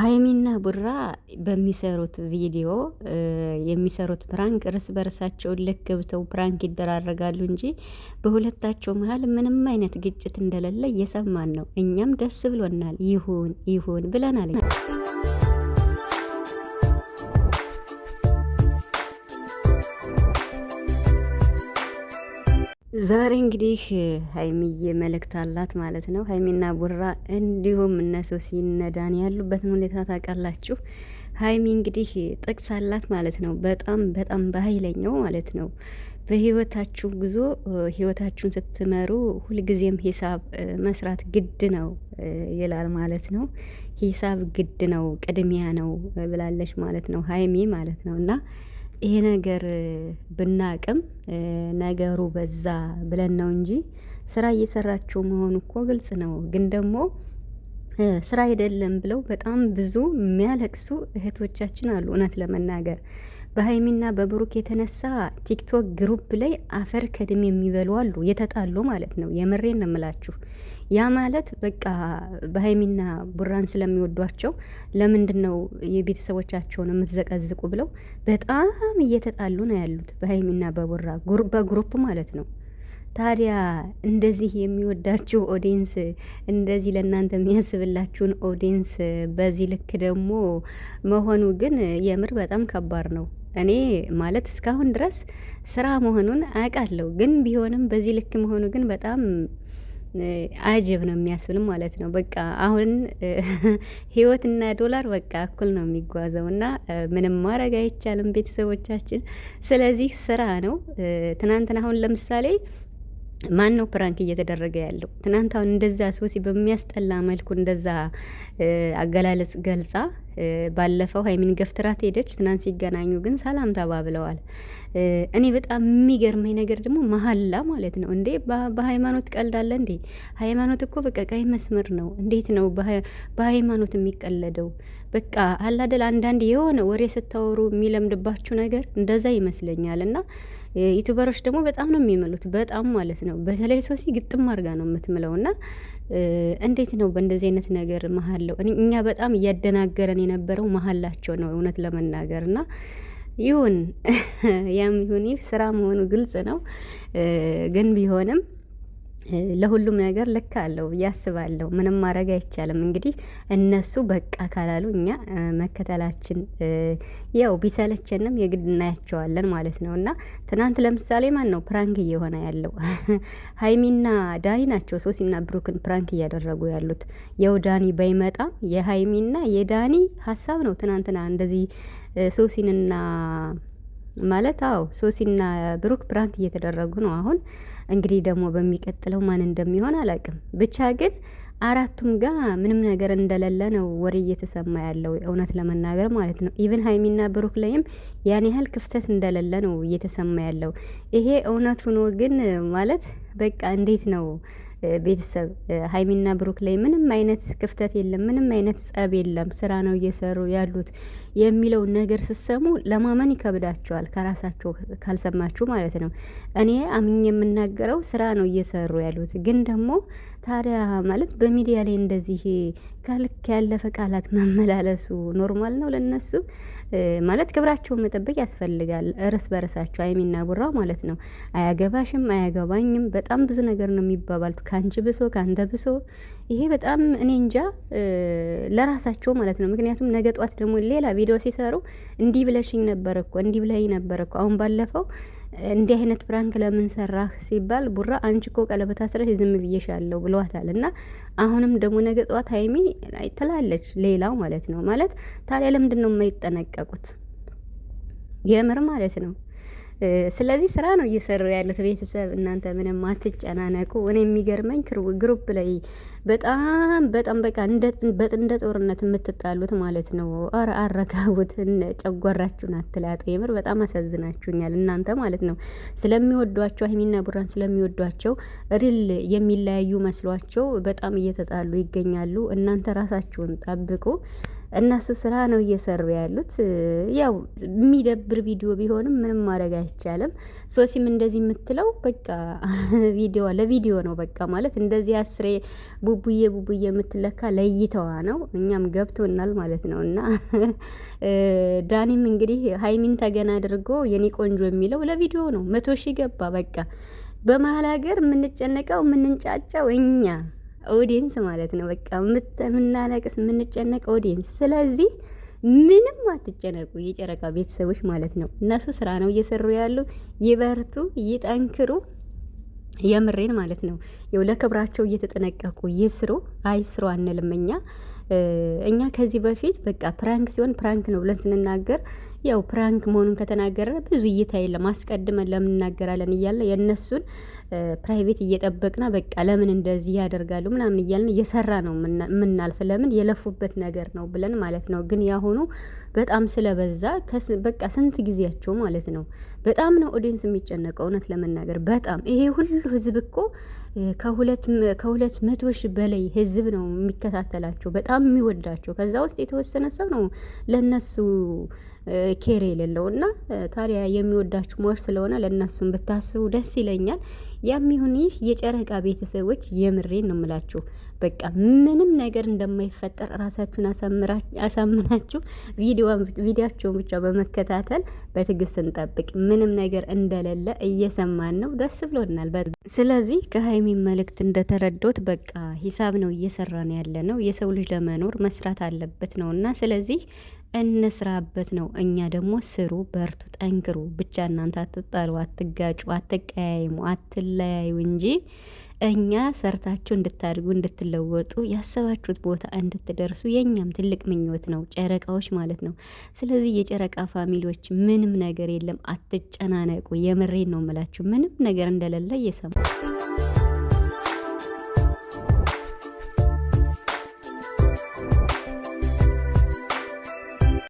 ሀይሚና ቡራ በሚሰሩት ቪዲዮ የሚሰሩት ፕራንክ እርስ በርሳቸው ልክ ገብተው ፕራንክ ይደራረጋሉ እንጂ በሁለታቸው መሀል ምንም አይነት ግጭት እንደሌለ እየሰማን ነው። እኛም ደስ ብሎናል። ይሁን ይሁን ብለናል። ዛሬ እንግዲህ ሀይሚዬ መልእክት አላት ማለት ነው። ሀይሚና ቡራ እንዲሁም እነሶሲ ሲነዳን ያሉበትን ሁኔታ ታውቃላችሁ። ሀይሚ እንግዲህ ጥቅስ አላት ማለት ነው። በጣም በጣም በሀይለኛው ማለት ነው። በህይወታችሁ ጉዞ ህይወታችሁን ስትመሩ ሁልጊዜም ሂሳብ መስራት ግድ ነው ይላል ማለት ነው። ሂሳብ ግድ ነው ቅድሚያ ነው ብላለች ማለት ነው ሀይሚ ማለት ነው እና ይሄ ነገር ብናቅም ነገሩ በዛ ብለን ነው እንጂ ስራ እየሰራችሁ መሆኑ እኮ ግልጽ ነው። ግን ደግሞ ስራ አይደለም ብለው በጣም ብዙ የሚያለቅሱ እህቶቻችን አሉ እውነት ለመናገር በሀይሚና በብሩክ የተነሳ ቲክቶክ ግሩፕ ላይ አፈር ከድሜ የሚበሉ አሉ፣ የተጣሉ ማለት ነው። የምሬን ነው የምላችሁ። ያ ማለት በቃ በሀይሚና ቡራን ስለሚወዷቸው ለምንድን ነው የቤተሰቦቻቸውን የምትዘቀዝቁ ብለው በጣም እየተጣሉ ነው ያሉት፣ በሀይሚና በቡራ በግሩፕ ማለት ነው። ታዲያ እንደዚህ የሚወዳችሁ ኦዲንስ እንደዚህ ለእናንተ የሚያስብላችሁን ኦዲንስ በዚህ ልክ ደግሞ መሆኑ ግን የምር በጣም ከባድ ነው። እኔ ማለት እስካሁን ድረስ ስራ መሆኑን አውቃለሁ፣ ግን ቢሆንም በዚህ ልክ መሆኑ ግን በጣም አጀብ ነው የሚያስብልም ማለት ነው። በቃ አሁን ህይወትና ዶላር በቃ እኩል ነው የሚጓዘው እና ምንም ማድረግ አይቻልም ቤተሰቦቻችን። ስለዚህ ስራ ነው። ትናንትና አሁን ለምሳሌ ማን ነው ፕራንክ እየተደረገ ያለው? ትናንት አሁን እንደዛ ሶሲ በሚያስጠላ መልኩ እንደዛ አገላለጽ ገልጻ ባለፈው ሀይሚን ገፍትራት ሄደች። ትናንት ሲገናኙ ግን ሰላም ተባብለዋል። እኔ በጣም የሚገርመኝ ነገር ደግሞ መሀላ ማለት ነው እንዴ! በሃይማኖት ቀልዳለ እንዴ? ሃይማኖት እኮ በቃ ቀይ መስመር ነው። እንዴት ነው በሃይማኖት የሚቀለደው? በቃ አላደል አንዳንድ የሆነ ወሬ ስታወሩ የሚለምድባችሁ ነገር እንደዛ ይመስለኛል እና ዩቱበሮች ደግሞ በጣም ነው የሚምሉት፣ በጣም ማለት ነው። በተለይ ሶሲ ግጥም አድርጋ ነው የምትምለው። እና እንዴት ነው በእንደዚህ አይነት ነገር መሀለው እኛ በጣም እያደናገረን የነበረው መሀላቸው ነው እውነት ለመናገር እና ይሁን ያም ይሁን ይህ ስራ መሆኑ ግልጽ ነው ግን ቢሆንም ለሁሉም ነገር ልክ አለው ያስባለሁ። ምንም ማድረግ አይቻልም። እንግዲህ እነሱ በቃ ካላሉ እኛ መከተላችን ያው ቢሰለቸንም የግድ እናያቸዋለን ማለት ነው። እና ትናንት ለምሳሌ ማን ነው ፕራንክ እየሆነ ያለው? ሀይሚና ዳኒ ናቸው ሶሲና ብሩክን ፕራንክ እያደረጉ ያሉት። ያው ዳኒ ባይመጣም የሀይሚና የዳኒ ሀሳብ ነው ትናንትና እንደዚህ ሶሲንና ማለት አዎ ሶሲና ብሩክ ፕራንክ እየተደረጉ ነው። አሁን እንግዲህ ደግሞ በሚቀጥለው ማን እንደሚሆን አላውቅም። ብቻ ግን አራቱም ጋር ምንም ነገር እንደሌለ ነው ወሬ እየተሰማ ያለው እውነት ለመናገር ማለት ነው። ኢቨን ሀይሚና ብሩክ ላይም ያን ያህል ክፍተት እንደሌለ ነው እየተሰማ ያለው። ይሄ እውነት ሆኖ ግን ማለት በቃ እንዴት ነው ቤተሰብ ሀይሚና ብሩክ ላይ ምንም አይነት ክፍተት የለም፣ ምንም አይነት ጸብ የለም። ስራ ነው እየሰሩ ያሉት የሚለው ነገር ስሰሙ ለማመን ይከብዳቸዋል፣ ከራሳቸው ካልሰማችሁ ማለት ነው። እኔ አምኜ የምናገረው ስራ ነው እየሰሩ ያሉት ግን ደግሞ ታዲያ ማለት በሚዲያ ላይ እንደዚህ ከልክ ያለፈ ቃላት መመላለሱ ኖርማል ነው ለነሱ? ማለት ክብራቸውን መጠበቅ ያስፈልጋል። እርስ በርሳቸው አይሚና ቡራ ማለት ነው። አያገባሽም፣ አያገባኝም በጣም ብዙ ነገር ነው የሚባባልቱ፣ ከአንቺ ብሶ፣ ከአንተ ብሶ። ይሄ በጣም እኔ እንጃ ለራሳቸው ማለት ነው። ምክንያቱም ነገ ጧት ደግሞ ሌላ ቪዲዮ ሲሰሩ እንዲህ ብለሽኝ ነበር እኮ እንዲህ ብለኝ ነበር እኮ አሁን ባለፈው እንዲህ አይነት ፕራንክ ለምን ሰራህ ሲባል ቡራ አንቺ እኮ ቀለበት አስረሽ ዝም ብዬሻለሁ ብሏታል። እና አሁንም ደግሞ ነገ ጠዋት ሀይሚ ትላለች፣ ሌላው ማለት ነው ማለት ታዲያ ለምንድን ነው የማይጠነቀቁት የምር ማለት ነው? ስለዚህ ስራ ነው እየሰሩ ያሉት። ቤተሰብ እናንተ ምንም አትጨናነቁ። እኔ የሚገርመኝ ግሩፕ ላይ በጣም በጣም በቃ እንደ ጦርነት የምትጣሉት ማለት ነው። አረ አረጋጉት፣ ጨጓራችሁን አትላጡ። የምር በጣም አሳዝናችሁኛል እናንተ ማለት ነው። ስለሚወዷቸው ሀይሚና ቡራን ስለሚወዷቸው ሪል የሚለያዩ መስሏቸው በጣም እየተጣሉ ይገኛሉ። እናንተ ራሳችሁን ጠብቁ። እነሱ ስራ ነው እየሰሩ ያሉት። ያው የሚደብር ቪዲዮ ቢሆንም ምንም ማድረግ አይቻልም። ሶሲም እንደዚህ የምትለው በቃ ቪዲዮ ለቪዲዮ ነው በቃ ማለት እንደዚህ አስሬ ቡቡዬ ቡቡዬ የምትለካ ለይተዋ ነው። እኛም ገብቶናል ማለት ነው። እና ዳኒም እንግዲህ ሀይሚን ተገና አድርጎ የኔ ቆንጆ የሚለው ለቪዲዮ ነው። መቶ ሺህ ገባ በቃ በመሀል ሀገር የምንጨነቀው የምንንጫጫው እኛ ኦዲየንስ ማለት ነው። በቃ የምናለቅስ የምንጨነቅ ኦዲየንስ። ስለዚህ ምንም አትጨነቁ የጨረቃ ቤተሰቦች ማለት ነው። እነሱ ስራ ነው እየሰሩ ያሉ። ይበርቱ፣ ይጠንክሩ። የምሬን ማለት ነው። የው ለክብራቸው እየተጠነቀቁ ይስሩ። አይስሩ አንልም እኛ እኛ ከዚህ በፊት በቃ ፕራንክ ሲሆን ፕራንክ ነው ብለን ስንናገር ያው ፕራንክ መሆኑን ከተናገረ ብዙ እይታ የለም። አስቀድመን ለምን እናገራለን እያለ የእነሱን ፕራይቬት እየጠበቅና በቃ ለምን እንደዚህ ያደርጋሉ ምናምን እያለን እየሰራ ነው የምናልፍ። ለምን የለፉበት ነገር ነው ብለን ማለት ነው። ግን ያሁኑ በጣም ስለበዛ በቃ ስንት ጊዜያቸው ማለት ነው በጣም ነው ኦዲየንስ የሚጨነቀው። እውነት ለመናገር በጣም ይሄ ሁሉ ህዝብ እኮ ከሁለት መቶ ሺህ በላይ ህዝብ ነው የሚከታተላቸው በጣም የሚወዳቸው። ከዛ ውስጥ የተወሰነ ሰው ነው ለነሱ ኬር የሌለው እና ታዲያ የሚወዳችሁ ሞር ስለሆነ ለእነሱም ብታስቡ ደስ ይለኛል። ያም ይሁን ይህ የጨረቃ ቤተሰቦች የምሬን ነው የምላችሁ። በቃ ምንም ነገር እንደማይፈጠር ራሳችሁን አሳምናችሁ ቪዲዮቸውን ብቻ በመከታተል በትዕግስት እንጠብቅ። ምንም ነገር እንደሌለ እየሰማን ነው፣ ደስ ብሎናል። ስለዚህ ከሀይሚ መልእክት እንደተረዶት በቃ ሂሳብ ነው እየሰራ ነው ያለ ነው። የሰው ልጅ ለመኖር መስራት አለበት ነው እና ስለዚህ እንስራበት ነው። እኛ ደግሞ ስሩ፣ በርቱ፣ ጠንክሩ። ብቻ እናንተ አትጣሉ፣ አትጋጩ፣ አትቀያይሙ፣ አትለያዩ እንጂ እኛ ሰርታችሁ እንድታድጉ እንድትለወጡ ያሰባችሁት ቦታ እንድትደርሱ የእኛም ትልቅ ምኞት ነው፣ ጨረቃዎች ማለት ነው። ስለዚህ የጨረቃ ፋሚሊዎች ምንም ነገር የለም፣ አትጨናነቁ። የምሬን ነው የምላችሁ፣ ምንም ነገር እንደሌለ እየሰማ